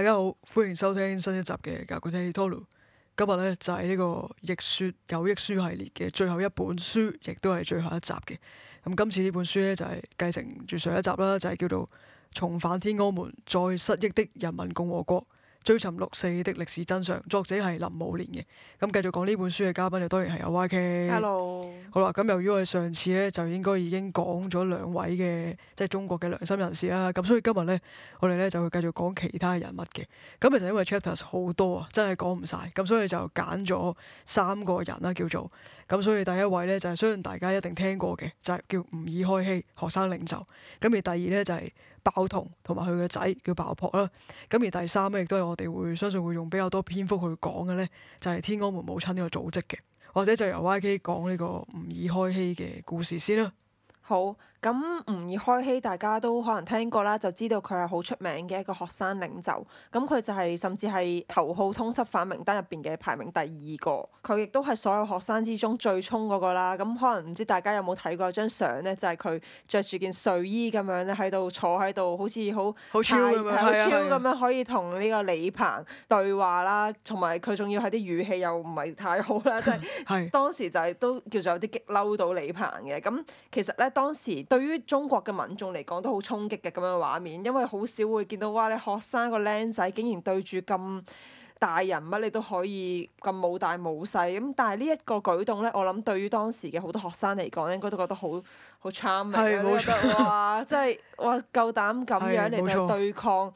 大家好，歡迎收聽新一集嘅《俄國歷史通錄》。今日呢，就係、是、呢個逆說有益書系列嘅最後一本書，亦都係最後一集嘅。咁今次呢本書呢，就係、是、繼承住上一集啦，就係、是、叫做《重返天安門，在失憶的人民共和國》。追尋六四的歷史真相，作者係林武年嘅。咁繼續講呢本書嘅嘉賓就當然係有 YK。Hello 好。好啦，咁由於我哋上次咧就應該已經講咗兩位嘅即係中國嘅良心人士啦。咁所以今日咧我哋咧就會繼續講其他人物嘅。咁其實因為 chapters 好多啊，真係講唔晒。咁所以就揀咗三個人啦，叫做咁。所以第一位咧就係相信大家一定聽過嘅，就係、是、叫吾爾開希學生領袖。咁而第二咧就係、是。爆同同埋佢個仔叫爆破啦，咁而第三咧亦都係我哋會相信會用比較多篇幅去講嘅咧，就係、是、天安門母親呢、這個組織嘅，或者就由 YK 講呢個吾爾開希嘅故事先啦。好。咁吾爾開希大家都可能聽過啦，就知道佢係好出名嘅一個學生領袖。咁佢就係甚至係頭號通緝犯名單入邊嘅排名第二個。佢亦都係所有學生之中最衝嗰個啦。咁可能唔知大家有冇睇過張相咧，就係、是、佢著住件睡衣咁樣咧喺度坐喺度，好似好超咁樣可以同呢個李鵬對話啦。同埋佢仲要係啲語氣又唔係太好啦，啊、即係、啊、當時就係、是、都叫做有啲激嬲到李鵬嘅。咁其實咧當時，對於中國嘅民眾嚟講都好衝擊嘅咁樣嘅畫面，因為好少會見到哇！你學生個靚仔竟然對住咁大人物，你都可以咁冇大冇細咁。但係呢一個舉動咧，我諗對於當時嘅好多學生嚟講，應該都覺得好好 charm 嘅。係冇錯啊！即係哇夠膽咁樣嚟到對抗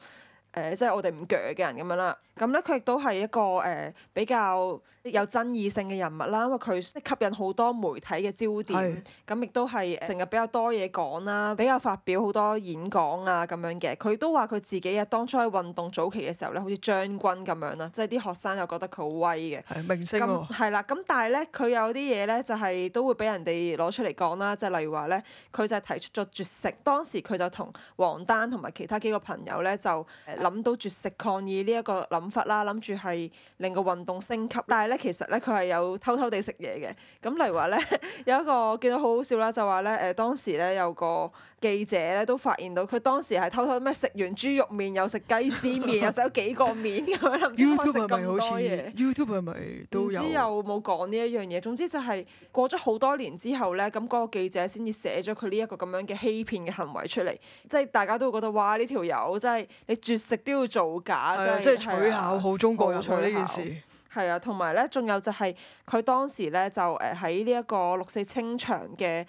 誒，即係、呃、我哋唔鋸嘅人咁樣啦。咁咧，佢亦都係一個誒比較有爭議性嘅人物啦，因為佢吸引好多媒體嘅焦點，咁亦都係成日比較多嘢講啦，比較發表好多演講啊咁樣嘅。佢都話佢自己啊，當初喺運動早期嘅時候咧，好似將軍咁樣啦，即係啲學生又覺得佢好威嘅。係明星喎、啊。係啦，咁但係咧，佢有啲嘢咧就係都會俾人哋攞出嚟講啦，即係例如話咧，佢就係提出咗絕食，當時佢就同王丹同埋其他幾個朋友咧就諗到絕食抗議呢一個諗諗法啦，諗住係令個運動升級。但係咧其實咧佢係有偷偷哋食嘢嘅。咁例如話咧，有一個見到好好笑啦，就話咧誒，當時咧有個。記者咧都發現到，佢當時係偷偷咩食完豬肉麵，又食雞絲麵， 又食咗幾個麵咁樣，唔 知食咁多嘢。YouTube 係咪都有？唔知有冇講呢一樣嘢？總之就係過咗好多年之後咧，咁、那、嗰個記者先至寫咗佢呢一個咁樣嘅欺騙嘅行為出嚟，即、就、係、是、大家都會覺得哇！呢條友真係你絕食都要造假，即係取巧好中國有取呢件事。係啊，同埋咧，仲有就係佢當時咧就誒喺呢一個六四清場嘅。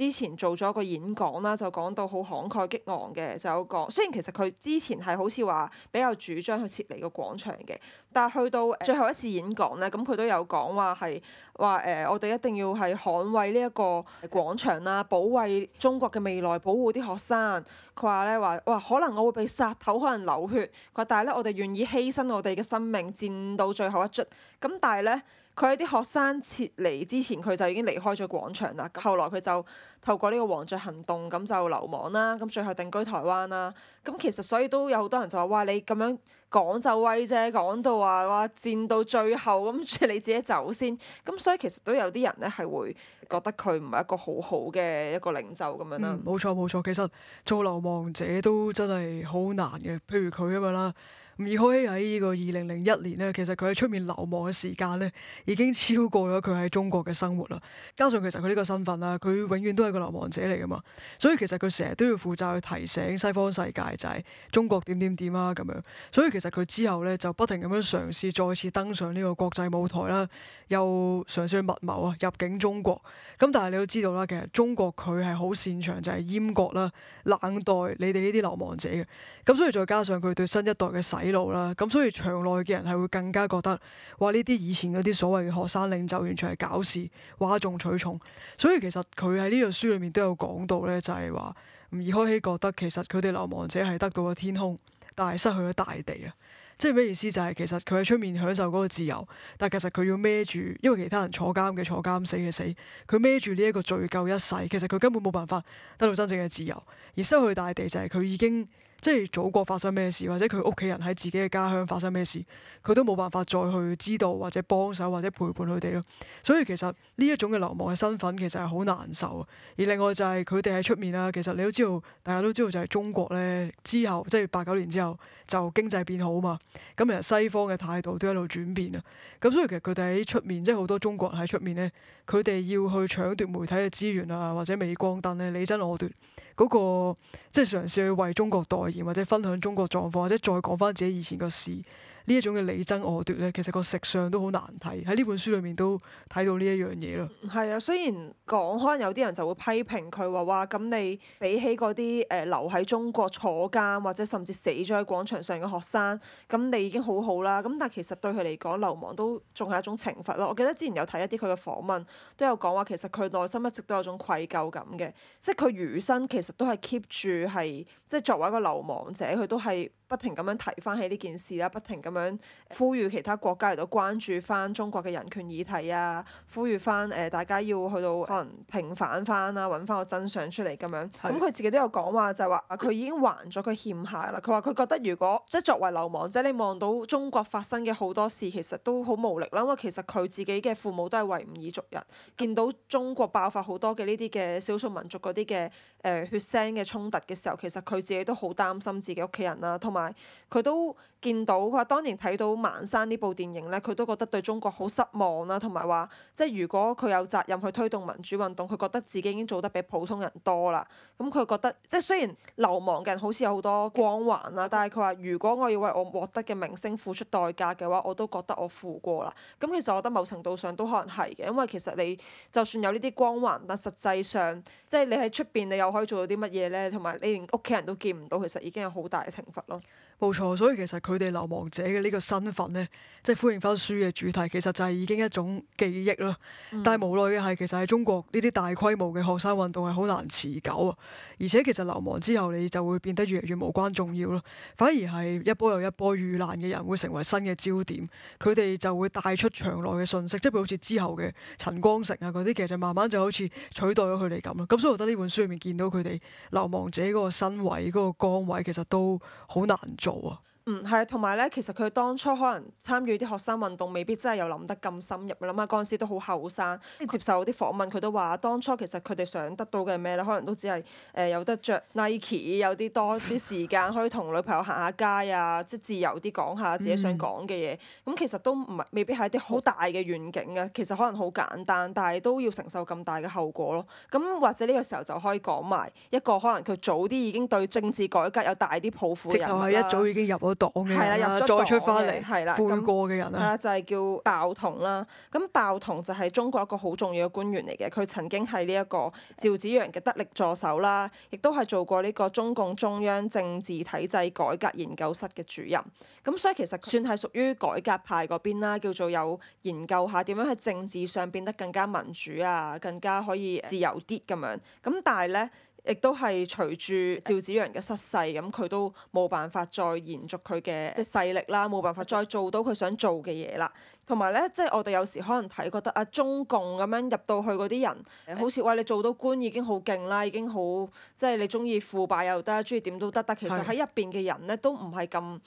之前做咗個演講啦，就講到好慷慨激昂嘅，就有講。雖然其實佢之前係好似話比較主張去撤離個廣場嘅，但係去到最後一次演講咧，咁佢都有講話係話誒，我哋一定要係捍衛呢一個廣場啦，保衛中國嘅未來，保護啲學生。佢話咧話哇，可能我會被殺頭，可能流血。佢話，但係咧，我哋願意犧牲我哋嘅生命，戰到最後一卒。咁但係咧。佢喺啲學生撤離之前，佢就已經離開咗廣場啦。後來佢就透過呢個黃雀行動咁就流亡啦。咁最後定居台灣啦。咁其實所以都有好多人就話：哇，你咁樣講就威啫，講到話哇，戰到最後咁你自己走先。咁所以其實都有啲人咧係會覺得佢唔係一個好好嘅一個領袖咁樣啦。嗯，冇錯冇錯，其實做流亡者都真係好難嘅，譬如佢咁樣啦。吾爾開希喺呢個二零零一年咧，其實佢喺出面流亡嘅時間咧，已經超過咗佢喺中國嘅生活啦。加上其實佢呢個身份啦，佢永遠都係個流亡者嚟噶嘛。所以其實佢成日都要負責去提醒西方世界就係中國點點點啊咁樣。所以其實佢之後咧就不停咁樣嘗試再次登上呢個國際舞台啦，又嘗試去密謀啊入境中國。咁但係你都知道啦，其實中國佢係好擅長就係閹割啦，冷待你哋呢啲流亡者嘅。咁所以再加上佢對新一代嘅使路啦，咁所以場內嘅人係會更加覺得話呢啲以前嗰啲所謂嘅學生領袖完全係搞事、嘩眾取寵。所以其實佢喺呢個書裏面都有講到咧，就係話吾爾開希覺得其實佢哋流亡者係得到咗天空，但係失去咗大地啊。即係咩意思？就係其實佢喺出面享受嗰個自由，但其實佢要孭住，因為其他人坐監嘅坐監、死嘅死，佢孭住呢一個罪疚一世。其實佢根本冇辦法得到真正嘅自由，而失去大地就係佢已經。即係祖國發生咩事，或者佢屋企人喺自己嘅家鄉發生咩事，佢都冇辦法再去知道或者幫手或者陪伴佢哋咯。所以其實呢一種嘅流亡嘅身份其實係好難受啊。而另外就係佢哋喺出面啦，其實你都知道，大家都知道就係中國咧之後，即係八九年之後就經濟變好嘛，咁其實西方嘅態度都喺度轉變啊。咁所以其實佢哋喺出面，即係好多中國人喺出面咧，佢哋要去搶奪媒體嘅資源啊，或者鎂光燈咧，你爭我奪、那個，嗰個即係嘗試去為中國代言，或者分享中國狀況，或者再講返自己以前嘅事。呢一種嘅你爭我奪咧，其實個食相都好難睇。喺呢本書裏面都睇到呢一樣嘢咯。係啊、嗯，雖然講可能有啲人就會批評佢話，哇，咁你比起嗰啲誒留喺中國坐監或者甚至死咗喺廣場上嘅學生，咁你已經好好啦。咁但其實對佢嚟講，流亡都仲係一種懲罰咯。我記得之前有睇一啲佢嘅訪問，都有講話其實佢內心一直都有種愧疚感嘅，即佢餘生其實都係 keep 住係。即係作為一個流亡者，佢都係不停咁樣提翻起呢件事啦，不停咁樣呼籲其他國家嚟到關注翻中國嘅人權議題啊，呼籲翻誒大家要去到可能平反翻啦，揾翻個真相出嚟咁樣。咁佢的自己都有講話，就係話佢已經還咗佢欠下啦。佢話，佢覺得如果即係作為流亡者，你望到中國發生嘅好多事，其實都好無力啦。因為其實佢自己嘅父母都係維吾爾族人，見到中國爆發好多嘅呢啲嘅少數民族嗰啲嘅誒血腥嘅衝突嘅時候，其實佢。佢自己都好擔心自己屋企人啦，同埋佢都見到佢話，當年睇到《盲山》呢部電影咧，佢都覺得對中國好失望啦，同埋話，即係如果佢有責任去推動民主運動，佢覺得自己已經做得比普通人多啦。咁佢覺得，即係雖然流亡嘅人好似有好多光環啦，但係佢話，如果我要為我獲得嘅名聲付出代價嘅話，我都覺得我付過啦。咁其實我覺得某程度上都可能係嘅，因為其實你就算有呢啲光環，但係實際上，即係你喺出邊你又可以做到啲乜嘢咧？同埋你連屋企人。都見唔到，其實已經有好大嘅懲罰咯。冇錯，所以其實佢哋流亡者嘅呢個身份呢，即係呼應翻書嘅主題，其實就係已經一種記憶咯。嗯、但係無奈嘅係，其實喺中國呢啲大規模嘅學生運動係好難持久啊。而且其實流亡之後你就會變得越嚟越無關重要咯，反而係一波又一波遇難嘅人會成為新嘅焦點，佢哋就會帶出牆內嘅信息，即係好似之後嘅陳光誠啊嗰啲，其實就慢慢就好似取代咗佢哋咁咯。咁所以我覺得呢本書入面見到佢哋流亡者嗰個身位嗰個崗位，其實都好難做啊。嗯，係，同埋咧，其實佢當初可能參與啲學生運動，未必真係有諗得咁深入。諗下嗰陣時都好後生，接受啲訪問，佢都話當初其實佢哋想得到嘅咩咧，可能都只係誒、呃、有得着 Nike，有啲多啲時間可以同女朋友行下街啊，即自由啲講下自己想講嘅嘢。咁、嗯、其實都唔係，未必係一啲好大嘅遠景嘅，其實可能好簡單，但係都要承受咁大嘅後果咯。咁或者呢個時候就可以講埋一個可能佢早啲已經對政治改革有大啲抱負嘅人啦。係啦，入咗黨嘅，又再出返嚟，係啦，悔過嘅人啊，係啦，就係、是、叫鮑彤啦。咁鮑彤就係中國一個好重要嘅官員嚟嘅，佢曾經係呢一個趙紫陽嘅得力助手啦，亦都係做過呢個中共中央政治體制改革研究室嘅主任。咁所以其實算係屬於改革派嗰邊啦，叫做有研究下點樣喺政治上變得更加民主啊，更加可以自由啲咁樣。咁但係咧。亦都係隨住趙紫陽嘅失勢，咁佢、哎、都冇辦法再延續佢嘅即勢力啦，冇、哎、辦法再做到佢想做嘅嘢啦。同埋咧，即、就是、我哋有時可能睇覺得啊，中共咁樣入到去嗰啲人，哎、好似話你做到官已經好勁啦，已經好即、就是、你中意腐敗又得，中意點都得得。其實喺入邊嘅人咧，都唔係咁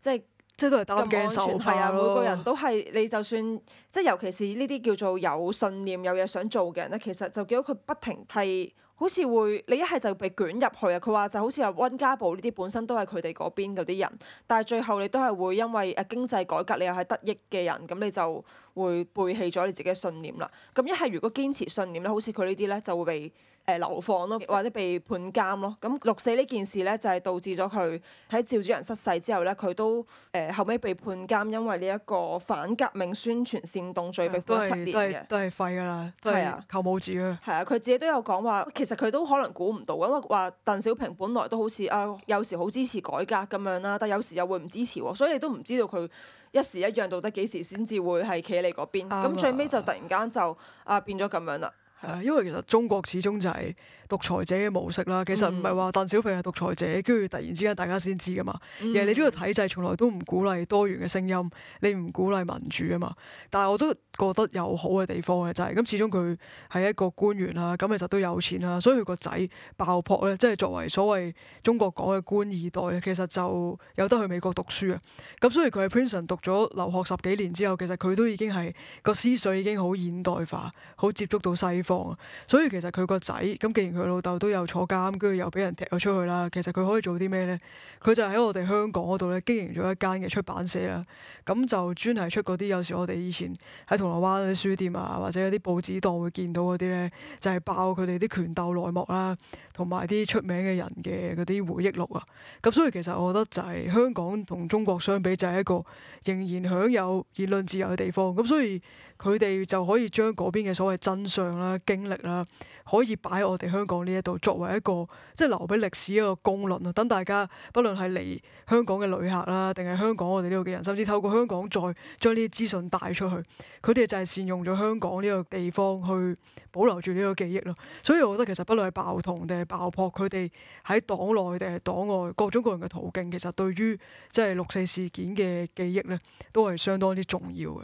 即即都係擔驚受怕啊，每個人都係你就算即尤其是呢啲叫做有信念、有嘢想做嘅人咧，其實就見到佢不停係。好似會你一係就被捲入去啊！佢話就好似阿温家寶呢啲本身都係佢哋嗰邊嗰啲人，但係最後你都係會因為誒經濟改革，你又係得益嘅人，咁你就會背棄咗你自己嘅信念啦。咁一係如果堅持信念咧，好似佢呢啲咧就會被。誒流放咯，或者被判監咯。咁六四呢件事咧，就係導致咗佢喺趙主任失勢之後咧，佢都誒、呃、後尾被判監，因為呢一個反革命宣傳煽動罪被判七年嘅。都係都係都係廢噶啦，係啊，扣帽子啊。係啊，佢自己都有講話，其實佢都可能估唔到，因為話鄧小平本來都好似啊，有時好支持改革咁樣啦，但有時又會唔支持喎，所以你都唔知道佢一時一樣到底幾時先至會係企你嗰邊。咁吧最尾就突然間就啊變咗咁樣啦。係因為其實中國始終就係獨裁者嘅模式啦。其實唔係話鄧小平係獨裁者，跟住突然之間大家先知噶嘛。其實你呢個體制從來都唔鼓勵多元嘅聲音，你唔鼓勵民主啊嘛。但係我都覺得有好嘅地方嘅就係、是，咁始終佢係一個官員啦，咁其實都有錢啦，所以佢個仔爆破咧，即係作為所謂中國講嘅官二代呢，其實就有得去美國讀書啊。咁所以佢喺 Princeton 讀咗留學十幾年之後，其實佢都已經係個思想已經好現代化，好接觸到西放，所以其實佢個仔咁，既然佢老豆都有坐監，跟住又俾人踢咗出去啦，其實佢可以做啲咩咧？佢就喺我哋香港嗰度咧經營咗一間嘅出版社啦，咁就專係出嗰啲有時我哋以前喺銅鑼灣啲書店啊，或者有啲報紙檔會見到嗰啲咧，就係爆佢哋啲權鬥內幕啦。 同埋啲出名嘅人嘅嗰啲回憶錄啊，咁所以其實我覺得就係香港同中國相比，就係一個仍然享有言論自由嘅地方，咁所以佢哋就可以將嗰邊嘅所謂真相啦、經歷啦，可以擺喺我哋香港呢一度作為一個，即係留俾歷史一個公論啊！等大家，不論係嚟香港嘅旅客啦，定係香港我哋呢度嘅人，甚至透過香港再將呢啲資訊帶出去，佢哋就係善用咗香港呢個地方去保留住呢個記憶咯。所以我覺得其實，不論係鮑彤定係鮑樸，佢哋喺黨內定係黨外各種各樣嘅途徑，其實對於即係六四事件嘅記憶咧，都係相當之重要嘅。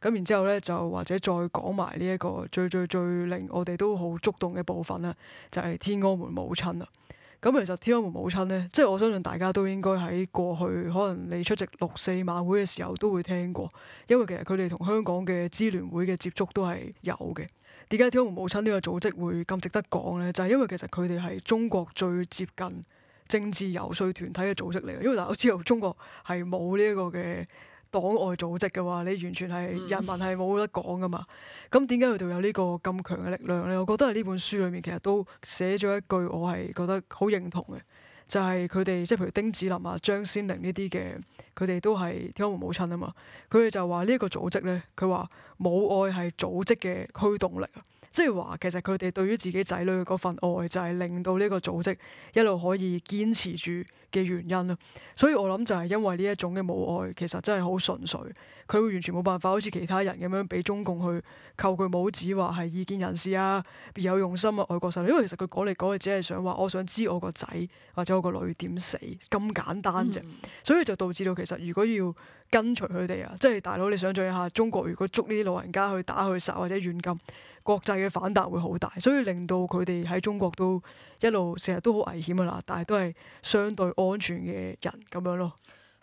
咁然之後咧，就或者再講埋呢一個最最最令我哋都好觸動嘅部分啦，就係天安門母親啦。咁其實天安門母親咧，即係我相信大家都應該喺過去可能你出席六四晚會嘅時候都會聽過，因為其實佢哋同香港嘅支聯會嘅接觸都係有嘅。點解天安門母親呢個組織會咁值得講呢？就係因為其實佢哋係中國最接近政治遊説團體嘅組織嚟嘅，因為大家都知道中國係冇呢一個嘅。黨外組織嘅話，你完全係、嗯、人民係冇得講噶嘛？咁點解佢哋有呢個咁強嘅力量咧？我覺得喺呢本書裏面其實都寫咗一句，我係覺得好認同嘅，就係佢哋即係譬如丁子霖啊、張先玲呢啲嘅，佢哋都係天安門母親啊嘛。佢哋就話呢一個組織咧，佢話母愛係組織嘅驅動力。即係話，其實佢哋對於自己仔女嘅嗰份愛，就係令到呢個組織一路可以堅持住嘅原因啦。所以我諗就係因為呢一種嘅母愛，其實真係好純粹，佢會完全冇辦法好似其他人咁樣俾中共去扣佢帽子，話係意見人士啊，別有用心啊，外國勢力。因為其實佢講嚟講去，只係想話，我想知我個仔或者我個女點死，咁簡單啫。所以就導致到其實如果要，跟隨佢哋啊！即係大佬，你想象一下，中國如果捉呢啲老人家去打去殺或者軟禁，國際嘅反彈會好大，所以令到佢哋喺中國都一路成日都好危險㗎啦，但係都係相對安全嘅人咁樣咯。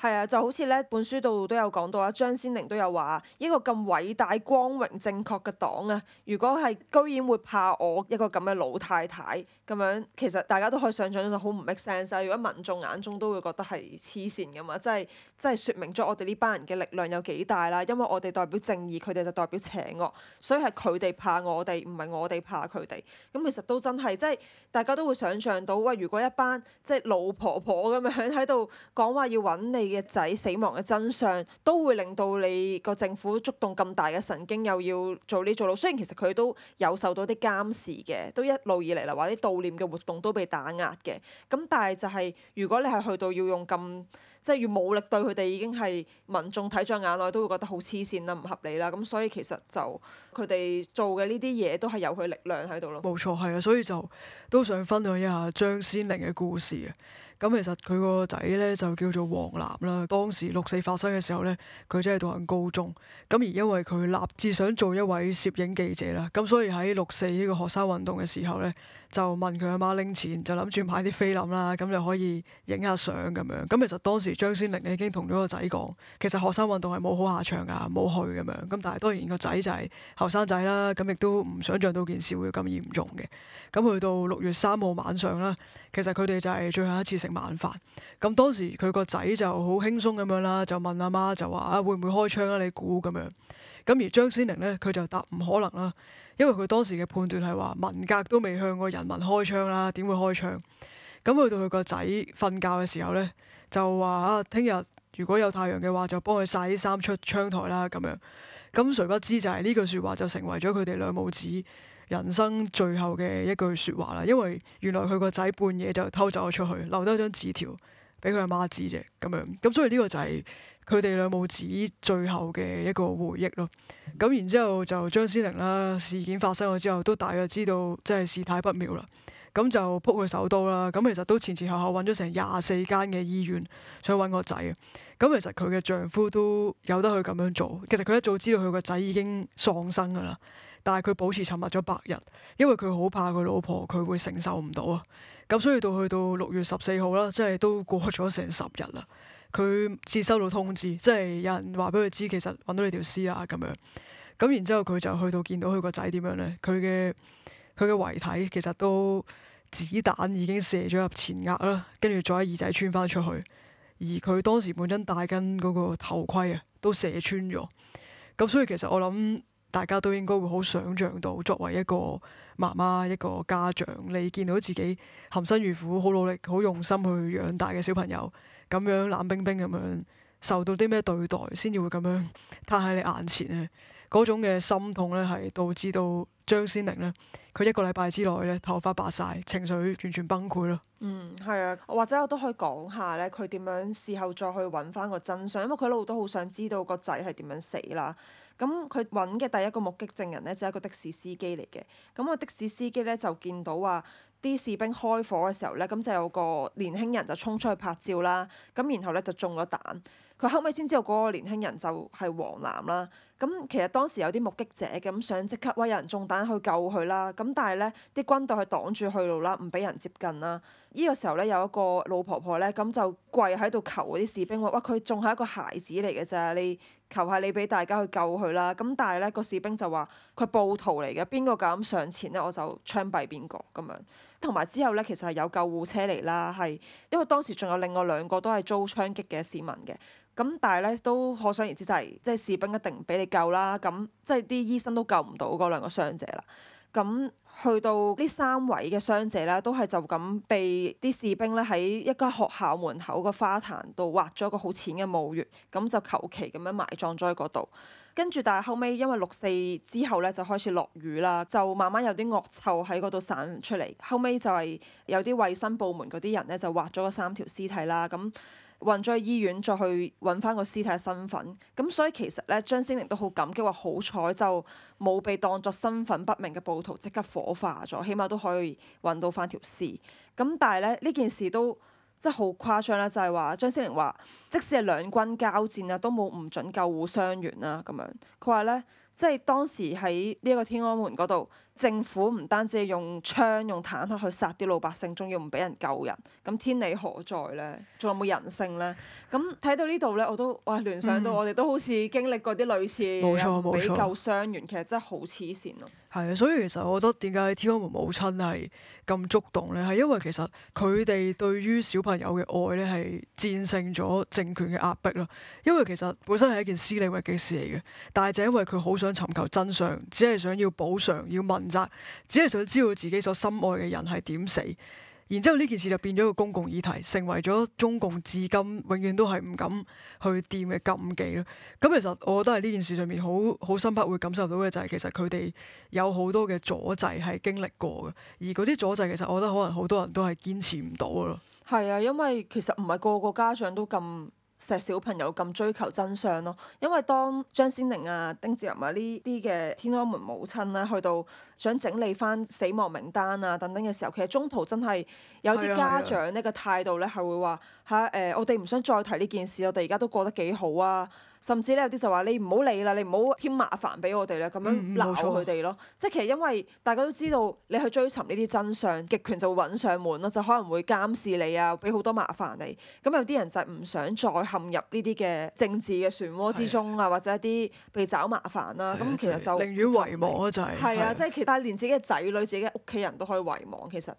係啊，就好似咧本書度都有講到啊，張先玲都有話：一個咁偉大、光榮、正確嘅黨啊，如果係居然會怕我一個咁嘅老太太咁樣，其實大家都可以想像到就好唔 make sense 啊！如果民眾眼中都會覺得係黐線噶嘛，即係即係説明咗我哋呢班人嘅力量有幾大啦，因為我哋代表正義，佢哋就代表邪惡，所以係佢哋怕我哋，唔係我哋怕佢哋。咁其實都真係即係大家都會想象到，喂，如果一班即係老婆婆咁樣喺度講話要揾你，嘅仔死亡嘅真相，都會令到你個政府觸動咁大嘅神經，又要做呢做嗰。雖然其實佢都有受到啲監視嘅，都一路以嚟啦，或者悼念嘅活動都被打壓嘅。咁但係就係、是，如果你係去到要用咁，即係要武力對佢哋，已經係民眾睇在眼內，都會覺得好癡線啦，唔合理啦。咁所以其實就佢哋做嘅呢啲嘢，都係有佢力量喺度咯。冇錯，係啊，所以就都想分享一下張先玲嘅故事啊。咁其實佢個仔咧就叫做王楠啦。當時六四發生嘅時候咧，佢真係讀緊高中。咁而因為佢立志想做一位攝影記者啦，咁所以喺六四呢個學生運動嘅時候咧，就問佢阿媽拎錢，就諗住買啲菲林啦，咁就可以影下相咁樣。咁其實當時張先玲已經同咗個仔講，其實學生運動係冇好下場㗎，冇去咁樣。咁但係當然個仔就係後生仔啦，咁亦都唔想像到件事會咁嚴重嘅。咁去到六月三號晚上啦，其實佢哋就係最後一次食晚飯。咁當時佢個仔就好輕鬆咁樣啦，就問阿媽，就話啊，會唔會開槍啊？你估咁樣。咁而張先玲呢，佢就答唔可能啦。因為佢當時嘅判斷係話，文革都未向過人民開槍啦，點會開槍？咁去到佢個仔瞓覺嘅時候呢，就話啊，聽日如果有太陽嘅話，就幫佢曬啲衫出窗台啦，咁樣。咁誰不知就係呢句説話就成為咗佢哋兩母子人生最後嘅一句説話啦。因為原來佢個仔半夜就偷走咗出去，留低張紙條俾佢阿媽知啫，咁樣。咁所以呢個就係。佢哋兩母子最後嘅一個回憶咯，咁然之後就張詩玲啦，事件發生咗之後都大約知道即係事態不妙啦，咁就撲去首都啦，咁其實都前前后後揾咗成廿四間嘅醫院想揾個仔啊，咁其實佢嘅丈夫都有得去咁樣做，其實佢一早知道佢個仔已經喪生噶啦，但係佢保持沉默咗八日，因為佢好怕佢老婆佢會承受唔到啊，咁所以到去到六月十四號啦，即係都過咗成十日啦。佢接收到通知，即係有人話俾佢知，其實揾到你條屍啦咁樣。咁然之後佢就去到見到佢個仔點樣呢？佢嘅佢嘅遺體其實都子彈已經射咗入前額啦，跟住再喺耳仔穿翻出去。而佢當時本身戴緊嗰個頭盔啊，都射穿咗。咁所以其實我諗大家都應該會好想像到，作為一個媽媽、一個家長，你見到自己含辛茹苦、好努力、好用心去養大嘅小朋友。咁樣冷冰冰咁樣受到啲咩對待，先至會咁樣攤喺你眼前咧。嗰種嘅心痛咧，係導致到張先玲咧，佢一個禮拜之內咧，頭髮白晒，情緒完全崩潰咯。嗯，係啊，或者我都可以講下咧，佢點樣事後再去揾翻個真相，因為佢一路都好想知道個仔係點樣死啦。咁佢揾嘅第一個目擊證人咧，就係、是、一個的士司機嚟嘅。咁個的，的士司機咧，就見到話啲士兵開火嘅時候咧，咁就有個年輕人就衝出去拍照啦。咁然後咧就中咗彈。佢後尾先知道嗰個年輕人就係王楠啦。咁其實當時有啲目擊者嘅，咁想即刻揾人中彈去救佢啦。咁但係咧，啲軍隊去擋住去路啦，唔俾人接近啦。呢個時候咧，有一個老婆婆咧，咁就跪喺度求嗰啲士兵話：哇！佢仲係一個孩子嚟嘅咋，你求下你俾大家去救佢啦。咁但係咧，個士兵就話：佢暴徒嚟嘅，邊個敢上前咧？我就槍斃邊個咁樣。同埋之後咧，其實係有救護車嚟啦，係因為當時仲有另外兩個都係遭槍擊嘅市民嘅。咁但係咧都可想而知，就係即係士兵一定唔俾你救啦。咁即係啲醫生都救唔到嗰兩個傷者啦。咁去到呢三位嘅傷者咧，都係就咁被啲士兵咧喺一間學校門口個花壇度挖咗個好淺嘅墓穴，咁就求其咁樣埋葬咗喺嗰度。跟住但係後尾，因為六四之後咧就開始落雨啦，就慢慢有啲惡臭喺嗰度散出嚟。後尾就係有啲衛生部門嗰啲人咧就挖咗嗰三條屍體啦。咁運咗去醫院再去揾翻個屍體嘅身份，咁所以其實咧張先玲都好感激，話好彩就冇被當作身份不明嘅暴徒即刻火化咗，起碼都可以揾到翻條屍。咁但係咧呢件事都即係好誇張啦，就係話張先玲話，即使係兩軍交戰啊，都冇唔準救護傷員啦咁樣。佢話咧，即係當時喺呢一個天安門嗰度。政府唔單止用槍用坦克去殺啲老百姓，仲要唔俾人救人，咁天理何在呢？仲有冇人性呢？咁睇到呢度呢，我都哇聯想到我哋都好似經歷過啲類似、嗯、又唔俾救傷員，冇錯，其實真係好黐線咯。係啊，所以其實我覺得點解《天安門母親》係咁觸動呢？係因為其實佢哋對於小朋友嘅愛呢，係戰勝咗政權嘅壓迫咯。因為其實本身係一件私領域嘅事嚟嘅，但係就因為佢好想尋求真相，只係想要補償，要問。只係想知道自己所深愛嘅人係點死，然之後呢件事就變咗一個公共議題，成為咗中共至今永遠都係唔敢去掂嘅禁忌咯。咁其實我覺得喺呢件事上面好好深刻會感受到嘅就係，其實佢哋有好多嘅阻滯係經歷過嘅，而嗰啲阻滯其實我覺得可能好多人都係堅持唔到咯。係啊，因為其實唔係個個家長都咁。成小朋友咁追求真相咯，因為當張先玲啊、丁子霖啊呢啲嘅天安門母親咧，去到想整理翻死亡名單啊等等嘅時候，其實中途真係有啲家長呢個態度咧，係會話吓誒，我哋唔想再提呢件事，我哋而家都過得幾好啊。甚至咧，有啲就話你唔好理啦，你唔好添麻煩俾我哋啦，咁樣鬧佢哋咯。嗯、即係其實因為大家都知道，你去追尋呢啲真相，極權就揾上門咯，就可能會監視你啊，俾好多麻煩你。咁有啲人就唔想再陷入呢啲嘅政治嘅漩渦之中啊，的或者一啲被找麻煩啦。咁的其實就寧願遺忘啊，就係。係啊，即係其他連自己嘅仔女、自己嘅屋企人都可以遺忘，其實。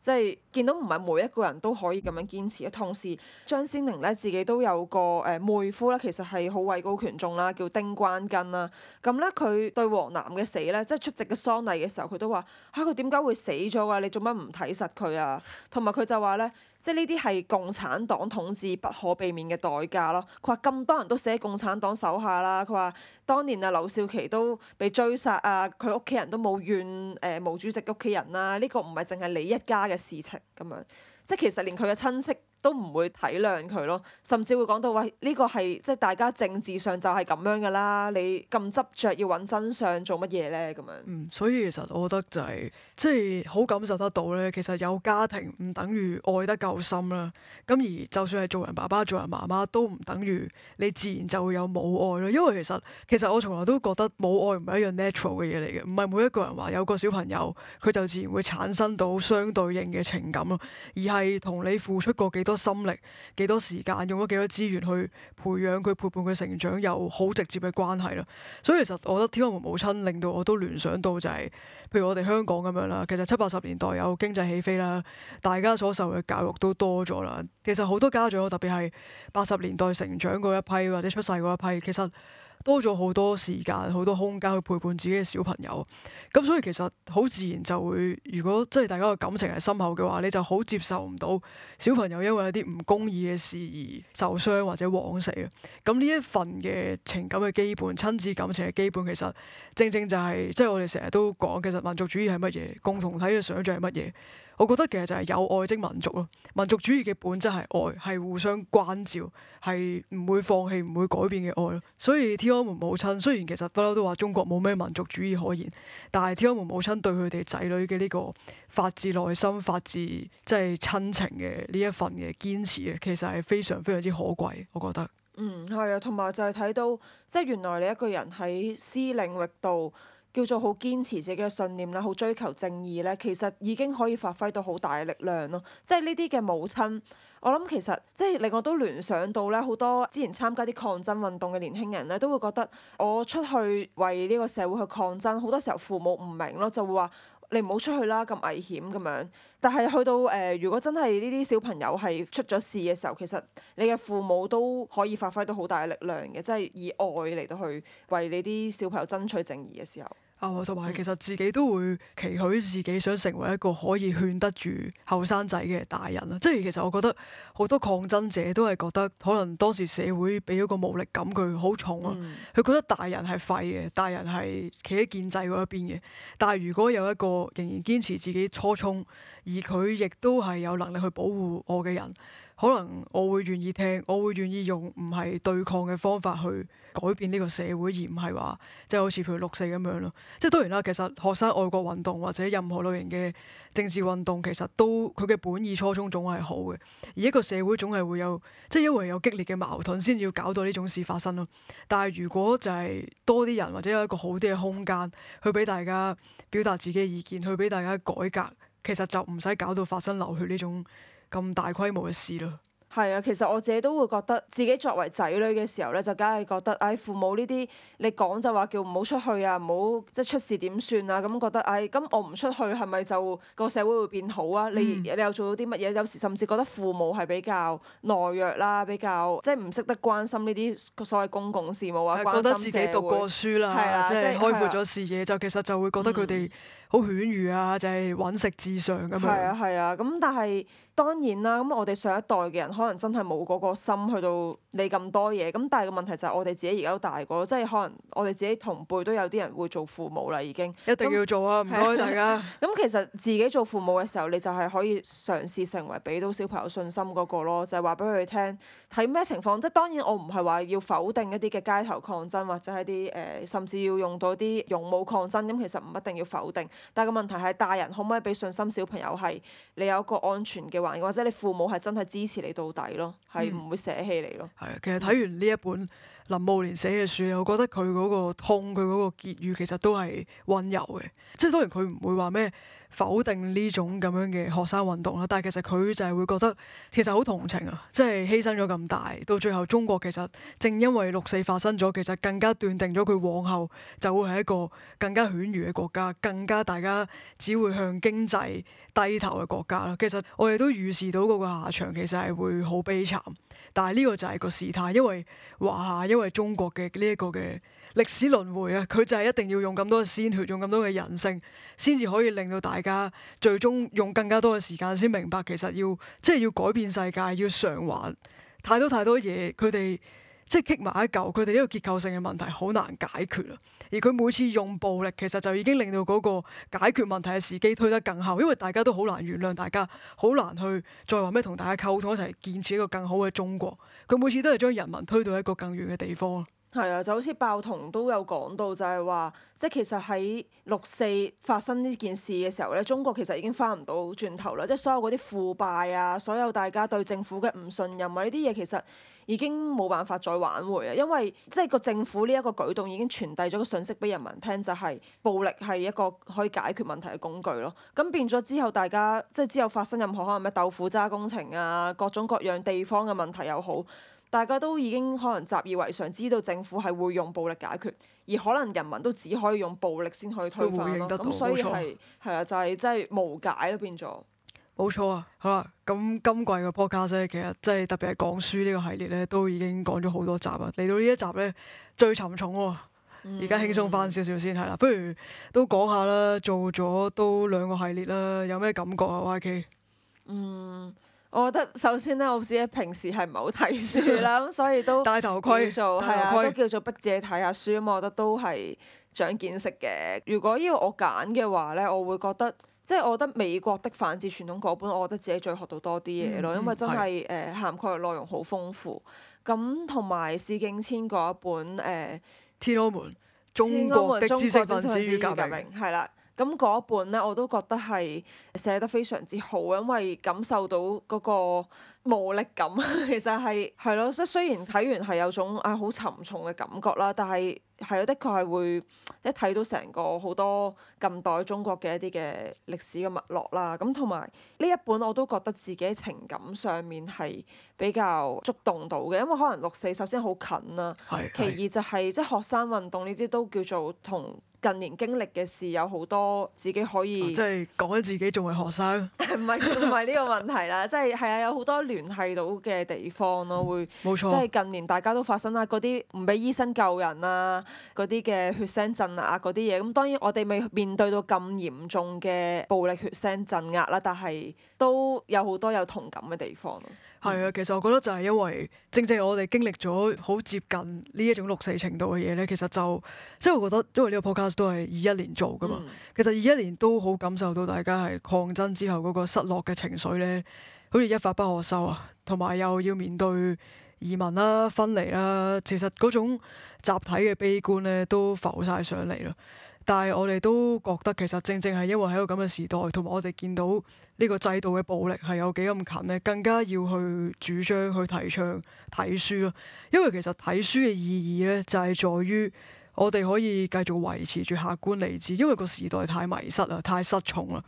即係見到唔係每一個人都可以咁樣堅持，同時張先玲咧自己都有個誒妹夫啦，其實係好位高權重啦，叫丁關根啦。咁咧佢對王楠嘅死咧，即係出席嘅喪禮嘅時候，佢都話吓，佢點解會死咗㗎？你做乜唔睇實佢啊？同埋佢就話咧。即係呢啲係共產黨統治不可避免嘅代價咯。佢話咁多人都死喺共產黨手下啦。佢話當年啊，劉少奇都被追殺啊，佢屋企人都冇怨誒、呃、毛主席屋企人啦。呢、這個唔係淨係你一家嘅事情咁樣，即係其實連佢嘅親戚。都唔會體諒佢咯，甚至會講到喂，呢個係即係大家政治上就係咁樣噶啦，你咁執著要揾真相做乜嘢咧？咁樣。嗯，所以其實我覺得就係即係好感受得到咧，其實有家庭唔等於愛得夠深啦。咁而就算係做人爸爸、做人媽媽，都唔等於你自然就會有母愛咯。因為其實其實我從來都覺得母愛唔係一樣 natural 嘅嘢嚟嘅，唔係每一個人話有個小朋友佢就自然會產生到相對應嘅情感咯，而係同你付出過幾多。多心力，幾多時間，用咗幾多資源去培養佢、陪伴佢成長，有好直接嘅關係啦。所以其實我覺得《天安門母親》令到我都聯想到就係、是，譬如我哋香港咁樣啦。其實七八十年代有經濟起飛啦，大家所受嘅教育都多咗啦。其實好多家長，特別係八十年代成長嗰一批或者出世嗰一批，其實。多咗好多時間、好多空間去陪伴自己嘅小朋友，咁所以其實好自然就會，如果即係大家嘅感情係深厚嘅話，你就好接受唔到小朋友因為一啲唔公義嘅事而受傷或者枉死啦。咁呢一份嘅情感嘅基本、親子感情嘅基本，其實正正就係即係我哋成日都講，其實民族主義係乜嘢，共同體嘅想像係乜嘢。我覺得其實就係有愛即民族咯，民族主義嘅本質係愛，係互相關照，係唔會放棄、唔會改變嘅愛咯。所以天安門母親雖然其實不嬲都話中國冇咩民族主義可言，但係天安門母親對佢哋仔女嘅呢個發自內心、發自即係親情嘅呢一份嘅堅持啊，其實係非常非常之可貴，我覺得。嗯，係啊，同埋就係睇到即係原來你一個人喺私領域度。叫做好堅持自己嘅信念啦，好追求正義咧，其實已經可以發揮到好大嘅力量咯。即係呢啲嘅母親，我諗其實即係令我都聯想到咧，好多之前參加啲抗爭運動嘅年輕人咧，都會覺得我出去為呢個社會去抗爭，好多時候父母唔明咯，就會話。你唔好出去啦，咁危險咁樣。但係去到誒，如果真係呢啲小朋友係出咗事嘅時候，其實你嘅父母都可以發揮到好大嘅力量嘅，即係以愛嚟到去為你啲小朋友爭取正義嘅時候。啊，同埋、哦、其實自己都會期許自己想成為一個可以勸得住後生仔嘅大人啦。即係其實我覺得好多抗爭者都係覺得，可能當時社會俾咗個無力感佢好重啊。佢、嗯、覺得大人係廢嘅，大人係企喺建制嗰一邊嘅。但係如果有一個仍然堅持自己初衷，而佢亦都係有能力去保護我嘅人。可能我會願意聽，我會願意用唔係對抗嘅方法去改變呢個社會，而唔係話即係好似譬如六四咁樣咯。即係當然啦，其實學生愛國運動或者任何類型嘅政治運動，其實都佢嘅本意初衷總係好嘅。而一個社會總係會有，即係因為有激烈嘅矛盾，先至要搞到呢種事發生咯。但係如果就係多啲人或者有一個好啲嘅空間，去俾大家表達自己嘅意見，去俾大家改革，其實就唔使搞到發生流血呢種咁大規模嘅事咯，係啊，其實我自己都會覺得，自己作為仔女嘅時候咧，就梗係覺得，唉、哎，父母呢啲你講就話叫唔好出去啊，唔好即係出事點算啊，咁覺得，唉、哎，咁我唔出去係咪就個社會會變好啊？你你又做到啲乜嘢？有時甚至覺得父母係比較懦弱啦，比較即係唔識得關心呢啲所謂公共事務啊，係啊，覺得自己讀過書啦，即係係啊，開闊咗視野，就其實就會覺得佢哋、嗯。好犬儒啊，就係、是、揾食至上咁樣。係啊，係啊，咁但係當然啦，咁我哋上一代嘅人可能真係冇嗰個心去到理咁多嘢。咁但係個問題就係我哋自己而家都大個，即係可能我哋自己同輩都有啲人會做父母啦，已經。一定要做啊！唔該那大家。咁 其實自己做父母嘅時候，你就係可以嘗試成為俾到小朋友信心嗰個咯，就係話俾佢聽喺咩情況。即係當然，我唔係話要否定一啲嘅街頭抗爭，或者係啲誒，甚至要用到啲勇武抗爭。咁其實唔一定要否定。但係個問題係大人可唔可以俾信心小朋友，係你有一個安全嘅環境，或者你父母係真係支持你到底咯，係唔會捨棄你咯。係、嗯、其實睇完呢一本林慕蓮寫嘅書，我覺得佢嗰個通佢嗰個結語其實都係溫柔嘅，即係當然佢唔會話咩。否定呢種咁樣嘅學生運動啦，但係其實，佢就係會覺得其實好同情啊，即係犧牲咗咁大，到最後中國其實正因為六四發生咗，其實更加斷定咗佢往後就會係一個更加犬儒嘅國家，更加大家只會向經濟低頭嘅國家啦。其實我哋都預示到嗰個下場其實係會好悲慘，但係呢個就係個事態，因為華夏，因為中國嘅呢一個嘅。歷史輪迴啊！佢就係一定要用咁多嘅鮮血，用咁多嘅人性，先至可以令到大家最終用更加多嘅時間，先明白其實要即係要改變世界，要償還太多太多嘢，佢哋即係結埋一嚿，佢哋呢個結構性嘅問題好難解決啊！而佢每次用暴力，其實就已經令到嗰個解決問題嘅時機推得更後，因為大家都好難原諒，大家好難去再話咩同大家溝通一齊建設一個更好嘅中國。佢每次都係將人民推到一個更遠嘅地方。係啊，就好似爆同都有講到，就係話，即其實喺六四發生呢件事嘅時候咧，中國其實已經翻唔到轉頭啦。即所有嗰啲腐敗啊，所有大家對政府嘅唔信任啊，呢啲嘢其實已經冇辦法再挽回啊。因為即係個政府呢一個舉動已經傳遞咗個訊息俾人民聽，就係暴力係一個可以解決問題嘅工具咯。咁變咗之後，大家即係、就是、之後發生任何可能咩豆腐渣工程啊，各種各樣地方嘅問題又好。大家都已經可能習以為常，知道政府係會用暴力解決，而可能人民都只可以用暴力先可以推翻回應得到。所以係係啦，就係即係無解咯變咗。冇錯啊，好啦，咁今季嘅 Podcast 其實即係特別係講書呢個系列咧，都已經講咗好多集啊。嚟到呢一集咧，最沉重咯。而家、嗯、輕鬆翻少少先係啦，不如都講下啦，做咗都兩個系列啦，有咩感覺啊？YK 嗯。我覺得首先咧，我自己平時係唔係好睇書啦，咁所以都戴 頭盔俏做係 學啊，都叫做逼自己睇下書咁，我覺得都係長見識嘅。如果要我揀嘅話咧，我會覺得即係、就是、我覺得美國的反智傳統嗰本，我覺得自己最學到多啲嘢咯，嗯、因為真係誒涵蓋嘅內容好豐富。咁同埋史景遷嗰一本誒《呃、天安門》中國的知識分子與革命係啦。 咁嗰一本咧，我都覺得係寫得非常之好，因為感受到嗰個無力感，其實係係咯，即雖然睇完係有種啊好、哎、沉重嘅感覺啦，但係係啊，的確係會一睇到成個好多近代中國嘅一啲嘅歷史嘅脈絡啦。咁同埋呢一本我都覺得自己情感上面係比較觸動到嘅，因為可能六四首先好近啦，的其二就係、是、即學生運動呢啲都叫做同，近年經歷嘅事有好多自己可以，啊、即係講緊自己仲係學生，唔係唔係呢個問題啦， 即係係啊有好多聯繫到嘅地方咯，會，冇錯，即係近年大家都發生啦，嗰啲唔俾醫生救人啊，嗰啲嘅血腥鎮壓嗰啲嘢，咁當然我哋未面對到咁嚴重嘅暴力血腥鎮壓啦，但係都有好多有同感嘅地方。係啊，其實我覺得就係因為正正我哋經歷咗好接近呢一種六四程度嘅嘢呢，其實就，即係我覺得，因為呢個 podcast 都係二一年做㗎嘛，其實二一年都好感受到大家係抗爭之後嗰個失落嘅情緒呢，好似一發不可收啊，同埋又要面對移民啦、分離啦，其實嗰種集體嘅悲觀呢，都浮晒上嚟咯。但係我哋都覺得其實正正係因為喺個咁嘅時代，同埋我哋見到呢個制度嘅暴力係有幾咁近呢，更加要去主張去提倡睇書咯。因為其實睇書嘅意義呢，就係在於我哋可以繼續維持住客觀理智，因為個時代太迷失啦，太失重啦。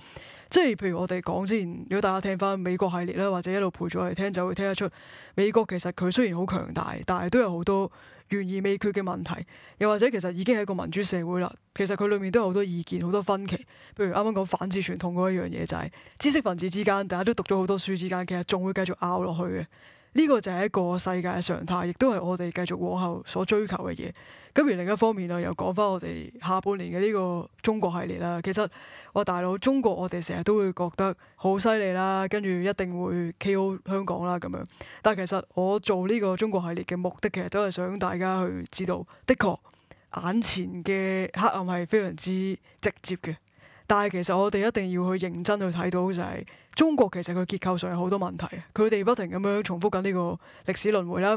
即係譬如我哋講之前，如果大家聽翻美國系列啦，或者一路陪住我哋聽，就會聽得出美國其實佢雖然好強大，但係都有好多懸而未決嘅問題。又或者其實已經係一個民主社會啦，其實佢裏面都有好多意見、好多分歧。譬如啱啱講反智傳統嗰一樣嘢，就係、係、知識分子之間大家都讀咗好多書之間，其實仲會繼續拗落去嘅。呢個就係一個世界嘅常態，亦都係我哋繼續往後所追求嘅嘢。咁而另一方面又講翻我哋下半年嘅呢個中國系列啦。其實我大佬中國，我哋成日都會覺得好犀利啦，跟住一定會 KO 香港啦咁樣。但其實我做呢個中國系列嘅目的，其實都係想大家去知道，的確眼前嘅黑暗係非常之直接嘅。但係其實我哋一定要去認真去睇到就係中國其實佢結構上有好多問題，佢哋不停咁樣重複緊呢個歷史輪迴啦，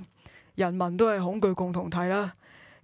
人民都係恐懼共同體啦，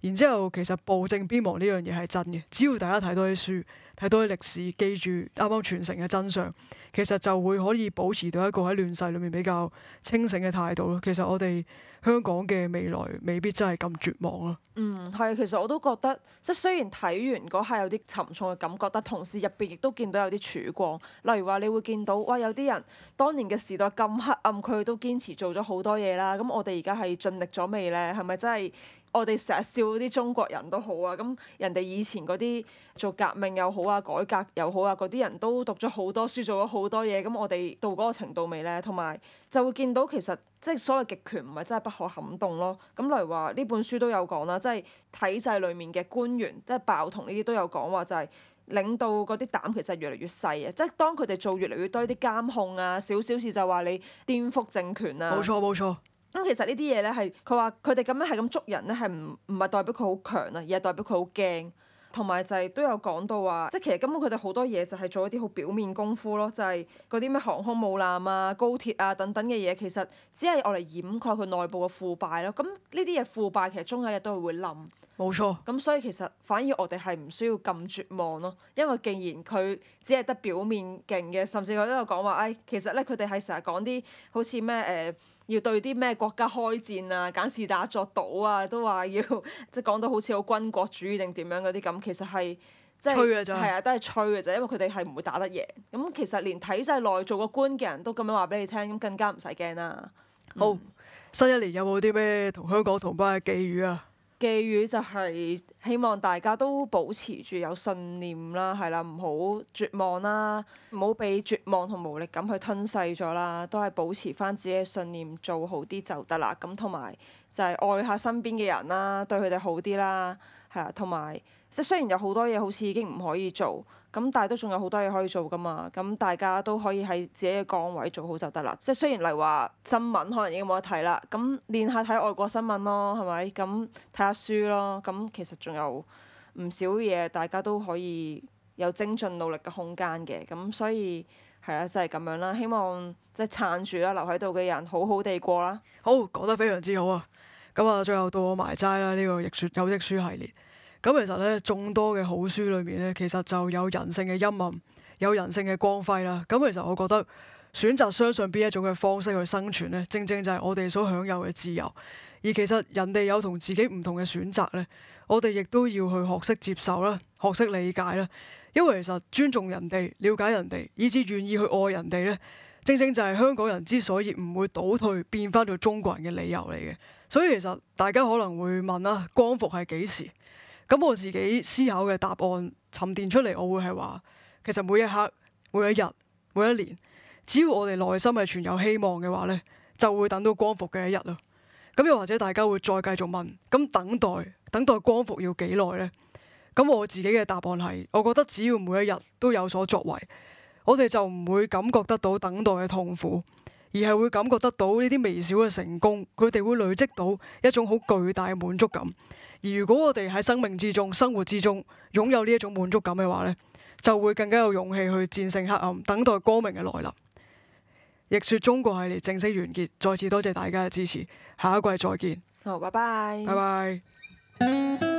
然之後其實暴政必亡呢樣嘢係真嘅，只要大家睇多啲書，睇到啲歷史記住啱啱傳承嘅真相，其實就會可以保持到一個喺亂世裏面比較清醒嘅態度咯。其實我哋香港嘅未來未必真係咁絕望咯。嗯，係，其實我都覺得，即係雖然睇完嗰下有啲沉重嘅感覺，但同時入邊亦都見到有啲曙光。例如話，你會見到哇，有啲人當年嘅時代咁黑暗，佢都堅持做咗好多嘢啦。咁我哋而家係盡力咗未呢？係咪真係？我哋成日笑啲中國人都好啊，咁人哋以前嗰啲做革命又好啊、改革又好啊，嗰啲人都讀咗好多書，做咗好多嘢，咁我哋到嗰個程度未咧？同埋就會見到其實即係所謂極權唔係真係不可撼動咯。咁例如話呢本書都有講啦，即係體制裡面嘅官員即係暴徒呢啲都有講話就係領導嗰啲膽其實越嚟越細啊。即係當佢哋做越嚟越多呢啲監控啊，小小事就話你顛覆政權啊。冇錯冇錯。咁其實呢啲嘢咧，係佢話佢哋咁樣係咁捉人咧，係唔唔係代表佢好強啊，而係代表佢好驚。同埋就係都有講到話，即其實根本佢哋好多嘢就係做一啲好表面功夫咯，就係嗰啲咩航空母艦啊、高鐵啊等等嘅嘢，其實只係用嚟掩蓋佢內部嘅腐敗咯。咁呢啲嘢腐敗其實終有一日都係會冧。冇錯。咁所以其實反而我哋係唔需要咁絕望咯，因為既然佢只係得表面勁嘅，甚至佢都有講話，誒、哎、其實咧佢哋係成日講啲好似咩誒。呃要對啲咩國家開戰啊，揀是打作賭啊，都話要即係講到好似好軍國主義定點樣嗰啲咁，其實係即係係啊，都係吹嘅啫，因為佢哋係唔會打得贏。咁其實連體制內做個官嘅人都咁樣話俾你聽，咁更加唔使驚啦。好，嗯，新一年有冇啲咩同香港同胞嘅寄語啊？寄語就係希望大家都保持住有信念啦，係啦，唔好絕望啦，唔好畀絕望同無力感去吞噬咗啦，都係保持翻自己嘅信念，做好啲就得啦。咁同埋就係愛下身邊嘅人啦，對佢哋好啲啦，係啊，同埋即係雖然有好多嘢好似已經唔可以做。咁但係都仲有好多嘢可以做㗎嘛，咁大家都可以喺自己嘅崗位做好就得啦。即係雖然嚟話新聞可能已經冇得睇啦，咁練下睇外國新聞咯，係咪？咁睇下書咯，咁其實仲有唔少嘢，大家都可以有精進努力嘅空間嘅。咁所以係啦，就係咁樣啦。希望即係撐住啦，留喺度嘅人好好地過啦。好，講得非常之好啊！咁啊，最後到我埋齋啦，呢個《逆說有益書》系列。咁其實咧，眾多嘅好書裏面咧，其實就有人性嘅陰暗，有人性嘅光輝啦。咁其實我覺得，選擇相信邊一種嘅方式去生存咧，正正就係我哋所享有嘅自由。而其實人哋有同自己唔同嘅選擇咧，我哋亦都要去學識接受啦，學識理解啦。因為其實尊重人哋、了解人哋，以至願意去愛人哋咧，正正就係香港人之所以唔會倒退變翻做中國人嘅理由嚟嘅。所以其實大家可能會問啦，光復係幾時？咁我自己思考嘅答案沉澱出嚟，我會係話，其實每一刻、每一日、每一年，只要我哋內心係存有希望嘅話咧，就會等到光復嘅一日咯。咁又或者大家會再繼續問，咁等待等待光復要幾耐咧？咁我自己嘅答案係，我覺得只要每一日都有所作為，我哋就唔會感覺得到等待嘅痛苦，而係會感覺得到呢啲微小嘅成功，佢哋會累積到一種好巨大嘅滿足感。而如果我哋喺生命之中、生活之中擁有呢一種滿足感嘅話呢，就會更加有勇氣去戰勝黑暗，等待光明嘅來臨。逆說中國系列正式完結，再次多謝大家嘅支持，下一季再見。好，拜拜 Bye bye.。拜 拜樂。